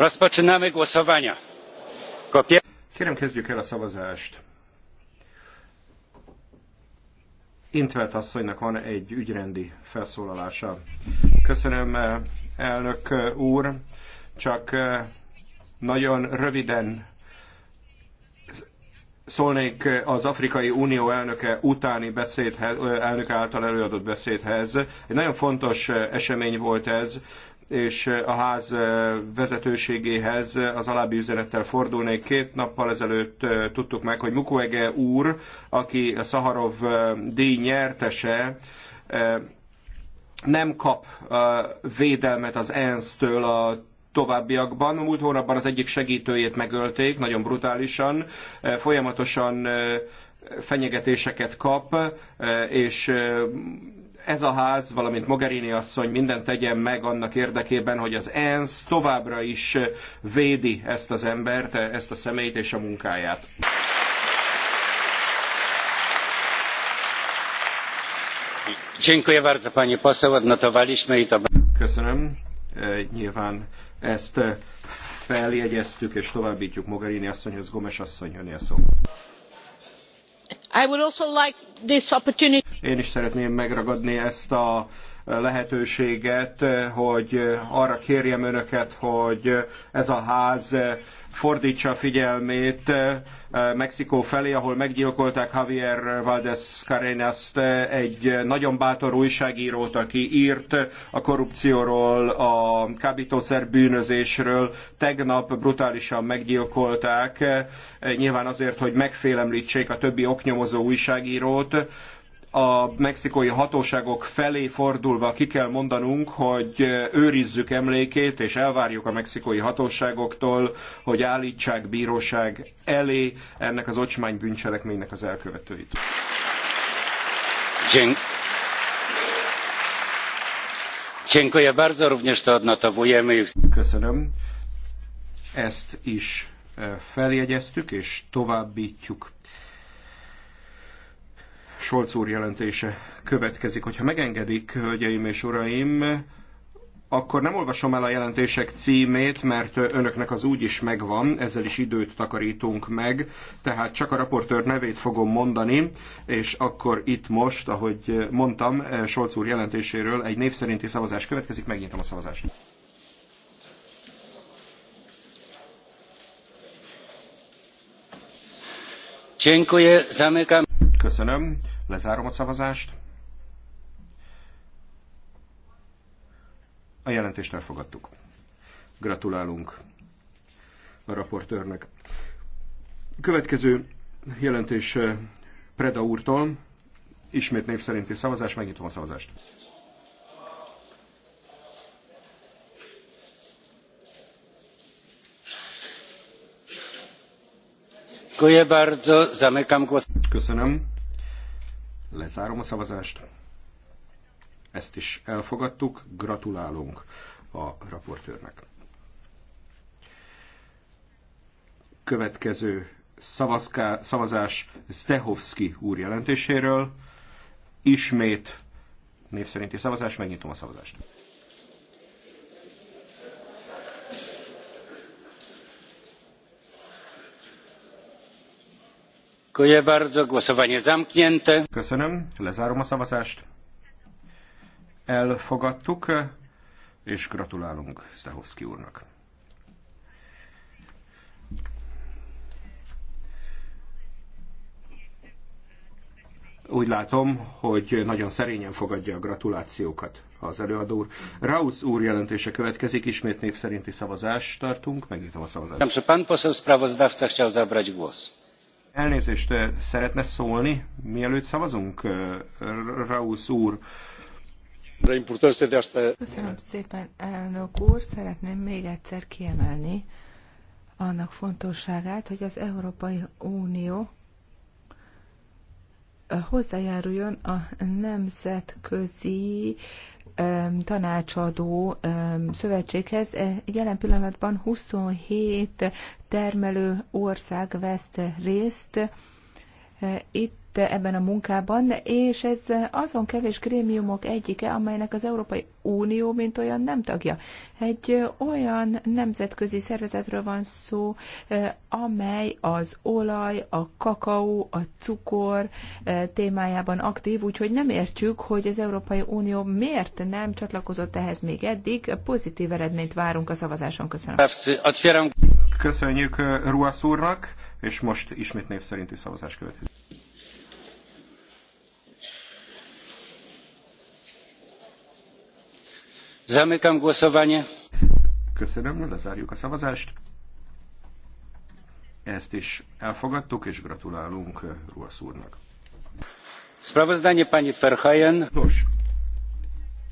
Rozpoczynamy głosowania. Kérem, kezdjük el a szavazást. Intelt asszonynak van egy ügyrendi felszólalása. Köszönöm, elnök úr. Csak eh, nagyon röviden szólnék az Afrikai Unió elnöke utáni beszédhez, eh, elnöke által előadott beszédhez. Egy nagyon fontos eh, esemény volt ez és a ház vezetőségéhez az alábbi üzenettel fordulnék. Két nappal ezelőtt tudtuk meg, hogy Mukwege úr, aki a Szaharov díj nyertese, nem kap védelmet az ENSZ-től a továbbiakban. Múlt hónapban az egyik segítőjét megölték, nagyon brutálisan, folyamatosan fenyegetéseket kap, és ez a ház, valamint Mogherini asszony mindent tegyen meg annak érdekében, hogy az ENSZ továbbra is védi ezt az embert, ezt a személyt és a munkáját. Köszönöm. E, nyilván ezt feljegyeztük és továbbítjuk Mogherini asszonyhoz, Gomes asszony, önél szó. Én is szeretném megragadni ezt a lehetőséget, hogy arra kérjem önöket, hogy ez a ház fordítsa figyelmét eh, Mexikó felé, ahol meggyilkolták Javier Valdez Carenast, egy nagyon bátor újságírót, aki írt a korrupcióról, a kábítószer bűnözésről. Tegnap brutálisan meggyilkolták, eh, nyilván azért, hogy megfélemlítsék a többi oknyomozó újságírót a mexikói hatóságok felé fordulva ki kell mondanunk, hogy őrizzük emlékét, és elvárjuk a mexikói hatóságoktól, hogy állítsák bíróság elé ennek az ocsmány bűncselekménynek az elkövetőit. Köszönöm. Ezt is e, feljegyeztük, és továbbítjuk. Scholz úr jelentése következik. Hogyha megengedik, hölgyeim és uraim, akkor nem olvasom el a jelentések címét, mert önöknek az úgy is megvan, ezzel is időt takarítunk meg, tehát csak a raportőr nevét fogom mondani, és akkor itt most, ahogy mondtam, Solc úr jelentéséről egy név szerinti szavazás következik, megnyitom a szavazást. Dziękuję, zamykam. Köszönöm. Lezárom a szavazást. A jelentést elfogadtuk. Gratulálunk a raportőrnek. Következő jelentés eh, Preda úrtól. Ismét név szerinti szavazás, megnyitom a szavazást. Köszönöm. Lezárom a szavazást. Ezt is elfogadtuk. Gratulálunk a raportőrnek. Következő szavazká, szavazás Stehovski úr jelentéséről. Ismét név szerinti szavazás, megnyitom a szavazást. Köszönöm, lezárom a szavazást. Elfogadtuk, és gratulálunk Szahovszki úrnak. Úgy látom, hogy nagyon szerényen fogadja a gratulációkat az előadó úr. Raus úr jelentése következik, ismét név szerinti szavazást tartunk, megnyitom a szavazást. Nem, pán poseł sprawozdawca chciał zabrać głos. Elnézést, szeretne szólni, mielőtt szavazunk, Raúsz úr? Köszönöm szépen, elnök úr. Szeretném még egyszer kiemelni annak fontosságát, hogy az Európai Unió hozzájáruljon a nemzetközi tanácsadó szövetséghez. E, jelen pillanatban 27 termelő ország vesz részt. E, itt ebben a munkában, és ez azon kevés grémiumok egyike, amelynek az Európai Unió, mint olyan nem tagja. Egy olyan nemzetközi szervezetről van szó, amely az olaj, a kakaó, a cukor eh, témájában aktív, úgyhogy nem értjük, hogy az Európai Unió miért nem csatlakozott ehhez még eddig. Pozitív eredményt várunk a szavazáson. Köszönöm. Köszönjük eh, Ruasz úrnak, és most ismét név szerinti szavazás következik. Zamykam głosowanie. Köszönöm, lezárjuk a szavazást. Ezt is elfogadtuk, és gratulálunk Ruasz úrnak. Sprawozdanie pani Ferhajen. Nos,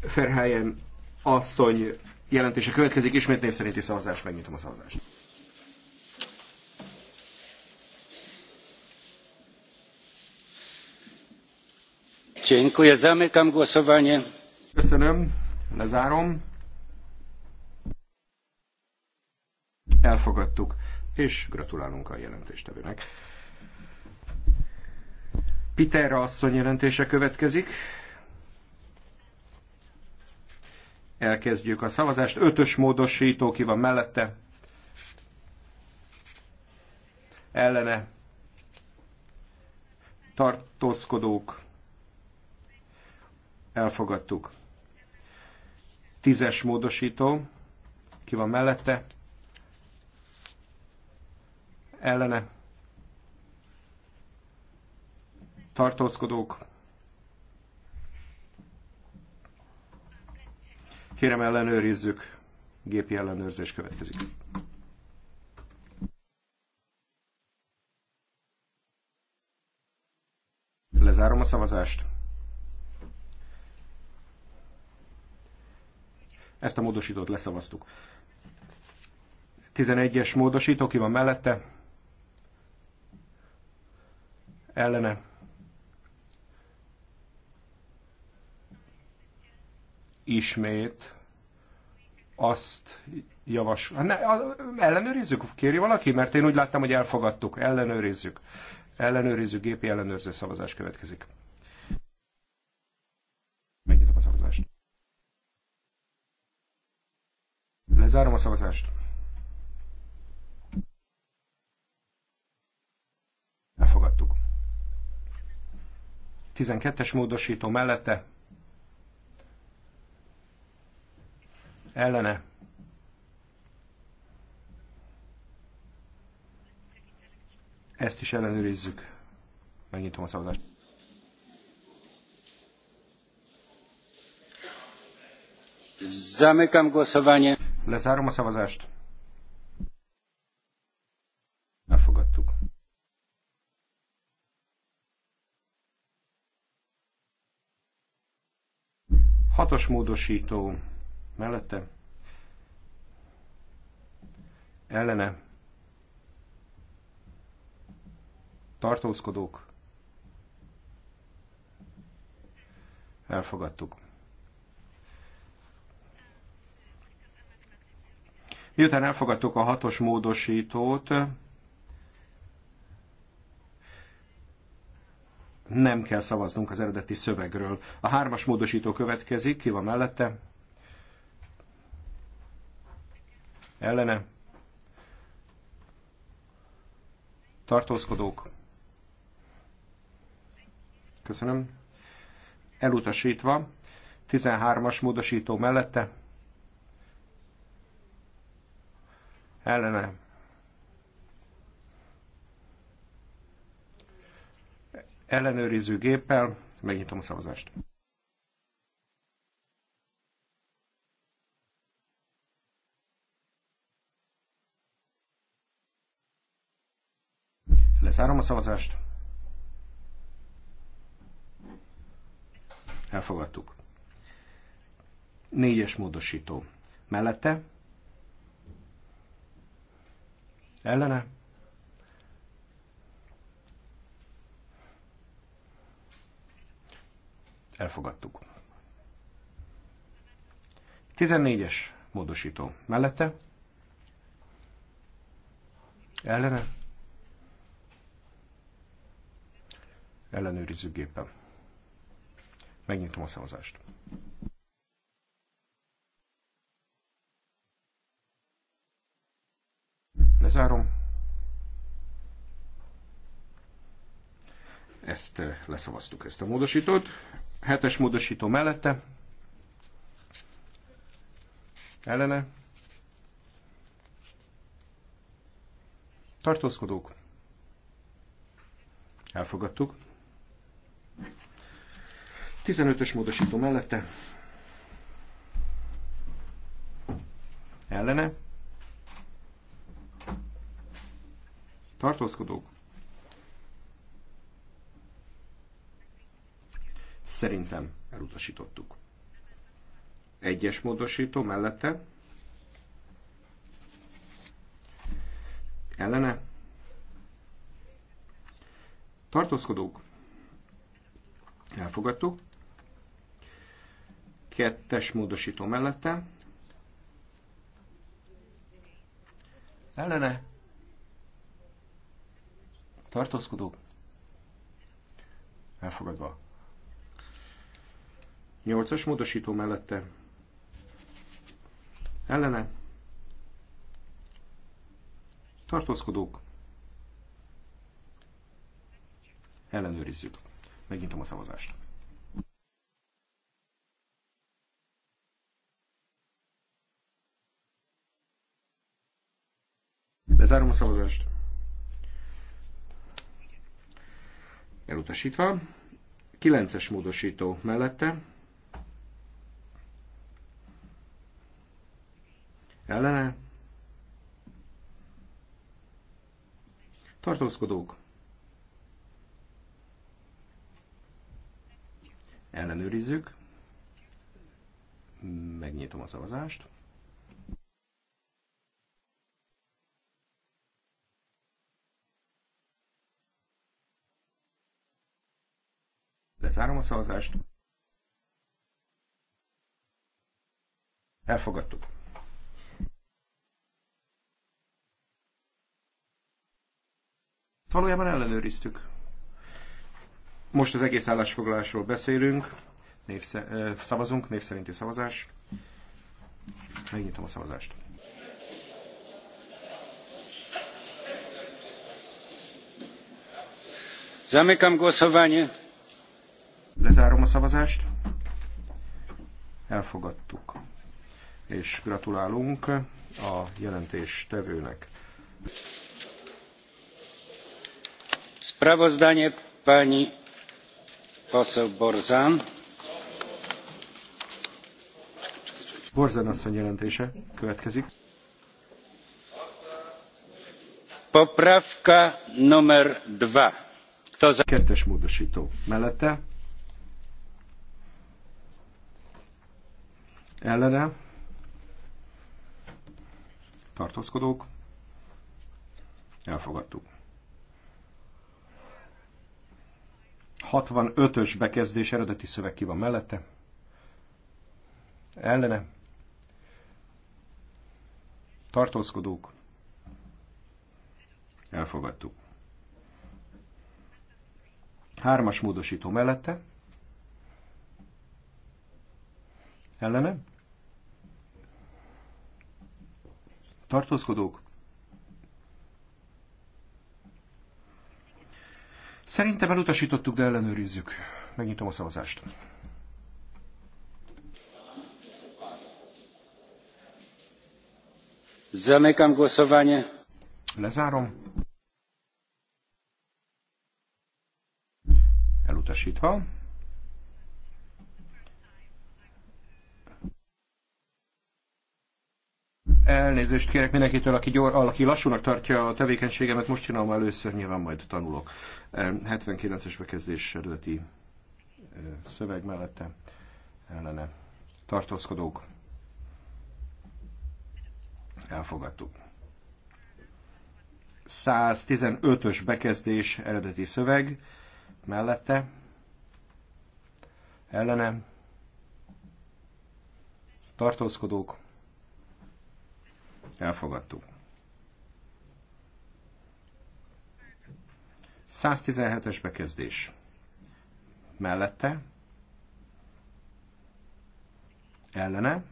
Ferhajen asszony jelentése következik, ismét név szerinti szavazás, megnyitom a szavazást. Dziękuję, zamykam głosowanie. Köszönöm, Lezárom. Elfogadtuk, és gratulálunk a jelentéstevőnek. Peter asszony jelentése következik. Elkezdjük a szavazást. Ötös módosító ki van mellette. Ellene. Tartózkodók. Elfogadtuk. Tízes módosító. Ki van mellette? Ellene. Tartózkodók. Kérem ellenőrizzük. Gépi ellenőrzés következik. Lezárom a szavazást. Ezt a módosítót leszavaztuk. 11-es módosító, ki van mellette? Ellene. Ismét azt javas... Hát ne, ellenőrizzük, kéri valaki? Mert én úgy láttam, hogy elfogadtuk. Ellenőrizzük. Ellenőrizzük, gépi ellenőrző szavazás következik. Lezárom a szavazást. Elfogadtuk. 12-es módosító mellette. Ellene. Ezt is ellenőrizzük. Megnyitom a szavazást. Zamykam głosowanie. Lezárom a szavazást. Elfogadtuk. Hatos módosító mellette ellene tartózkodók elfogadtuk. Miután elfogadtuk a hatos módosítót, nem kell szavaznunk az eredeti szövegről. A hármas módosító következik, ki van mellette? Ellene? Tartózkodók? Köszönöm. Elutasítva. 13-as módosító mellette? ellene ellenőriző géppel megnyitom a szavazást. Lezárom a szavazást. Elfogadtuk. Négyes módosító. Mellette ellene. Elfogadtuk. 14-es módosító mellette, ellene, ellenőrizzük gépen. Megnyitom a szavazást. Lezárom. Ezt eh, leszavaztuk, ezt a módosítót. Hetes módosító mellette. Ellene. Tartózkodók. Elfogadtuk. 15-ös módosító mellette. Ellene. tartózkodók. Szerintem elutasítottuk. Egyes módosító mellette. Ellene. Tartózkodók. Elfogadtuk. Kettes módosító mellette. Ellene tartózkodók, elfogadva. Nyolcas módosító mellette ellene tartózkodók, ellenőrizzük. Megnyitom a szavazást. Lezárom a szavazást. elutasítva. 9-es módosító mellette, ellene, tartózkodók, ellenőrizzük, megnyitom a szavazást. Zárom a szavazást. Elfogadtuk. Valójában ellenőriztük. Most az egész állásfoglalásról beszélünk. Név, szavazunk, név szerinti szavazás. Megnyitom a szavazást. Zamykam głosowanie. Lezárom a szavazást. Elfogadtuk. És gratulálunk a jelentés tevőnek. Sprawozdanie pani poseł Borzan. Borzan asszony jelentése következik. Poprawka numer 2. Kto za... Kettes módosító mellette ellene tartózkodók elfogadtuk. 65-ös bekezdés eredeti szöveg ki van mellette. Ellene. Tartózkodók. Elfogadtuk. Hármas módosító mellette. Ellene? Tartózkodók? Szerintem elutasítottuk, de ellenőrizzük. Megnyitom a szavazást. Zamykam głosowanie. Lezárom. Elutasítva. Elnézést kérek mindenkitől, aki, gyor, aki lassúnak tartja a tevékenységemet, most csinálom először, nyilván majd tanulok. 79-es bekezdés eredeti szöveg mellette ellene tartózkodók. Elfogadtuk. 115-ös bekezdés eredeti szöveg mellette ellene tartózkodók Elfogadtuk. 117-es bekezdés. Mellette. Ellene.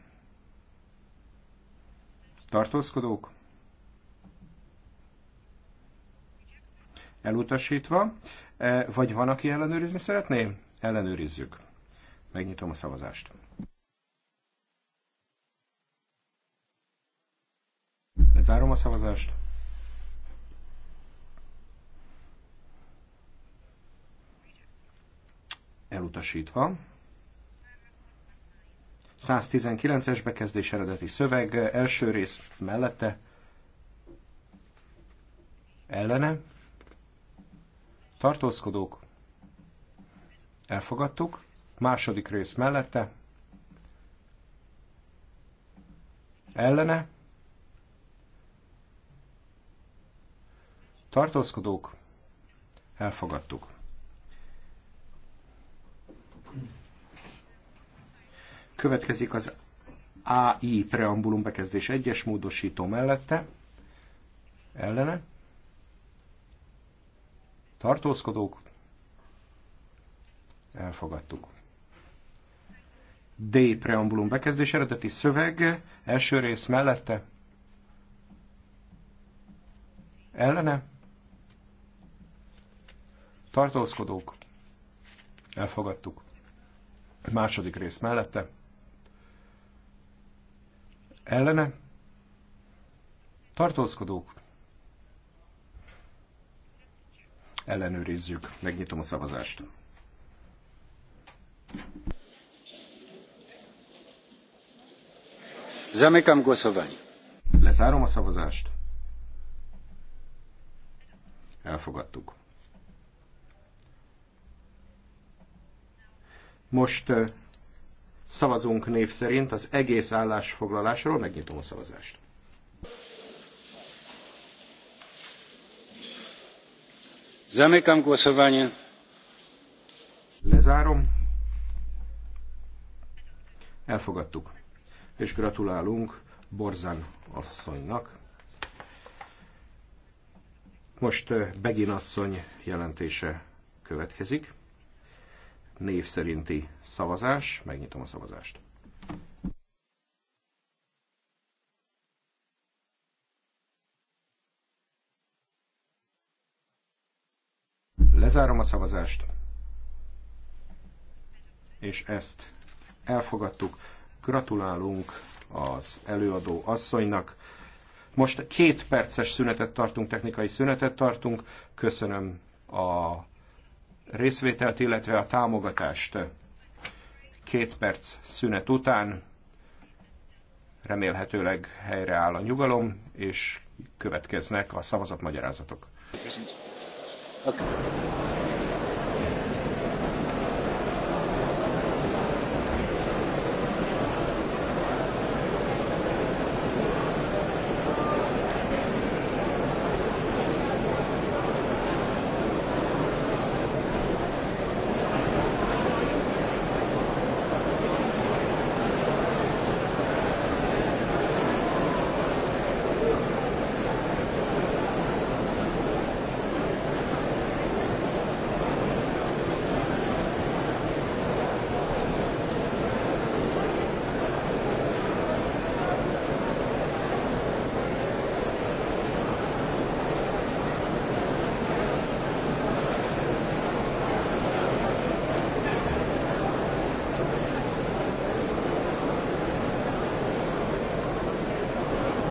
Tartózkodók. Elutasítva. Eh, vagy van, aki ellenőrizni szeretné? Ellenőrizzük. Megnyitom a szavazást. Lezárom a szavazást. Elutasítva. 119-es bekezdés eredeti szöveg, első rész mellette, ellene, tartózkodók, elfogadtuk, második rész mellette, ellene, tartózkodók, elfogadtuk. Következik az AI preambulum bekezdés egyes módosító mellette, ellene, tartózkodók, elfogadtuk. D preambulum bekezdés eredeti szöveg, első rész mellette, ellene, tartózkodók, elfogadtuk. Második rész mellette, ellene, tartózkodók, ellenőrizzük, megnyitom a szavazást. Zamekam głosowanie. Lezárom a szavazást. Elfogadtuk. Most szavazunk név szerint az egész állásfoglalásról, megnyitom a szavazást. Zamykam głosowanie. Lezárom. Elfogadtuk. És gratulálunk Borzán asszonynak. Most Begin asszony jelentése következik név szerinti szavazás. Megnyitom a szavazást. Lezárom a szavazást, és ezt elfogadtuk. Gratulálunk az előadó asszonynak. Most két perces szünetet tartunk, technikai szünetet tartunk. Köszönöm a részvételt, illetve a támogatást. Két perc szünet után remélhetőleg helyreáll a nyugalom, és következnek a szavazatmagyarázatok. Köszönöm. Okay.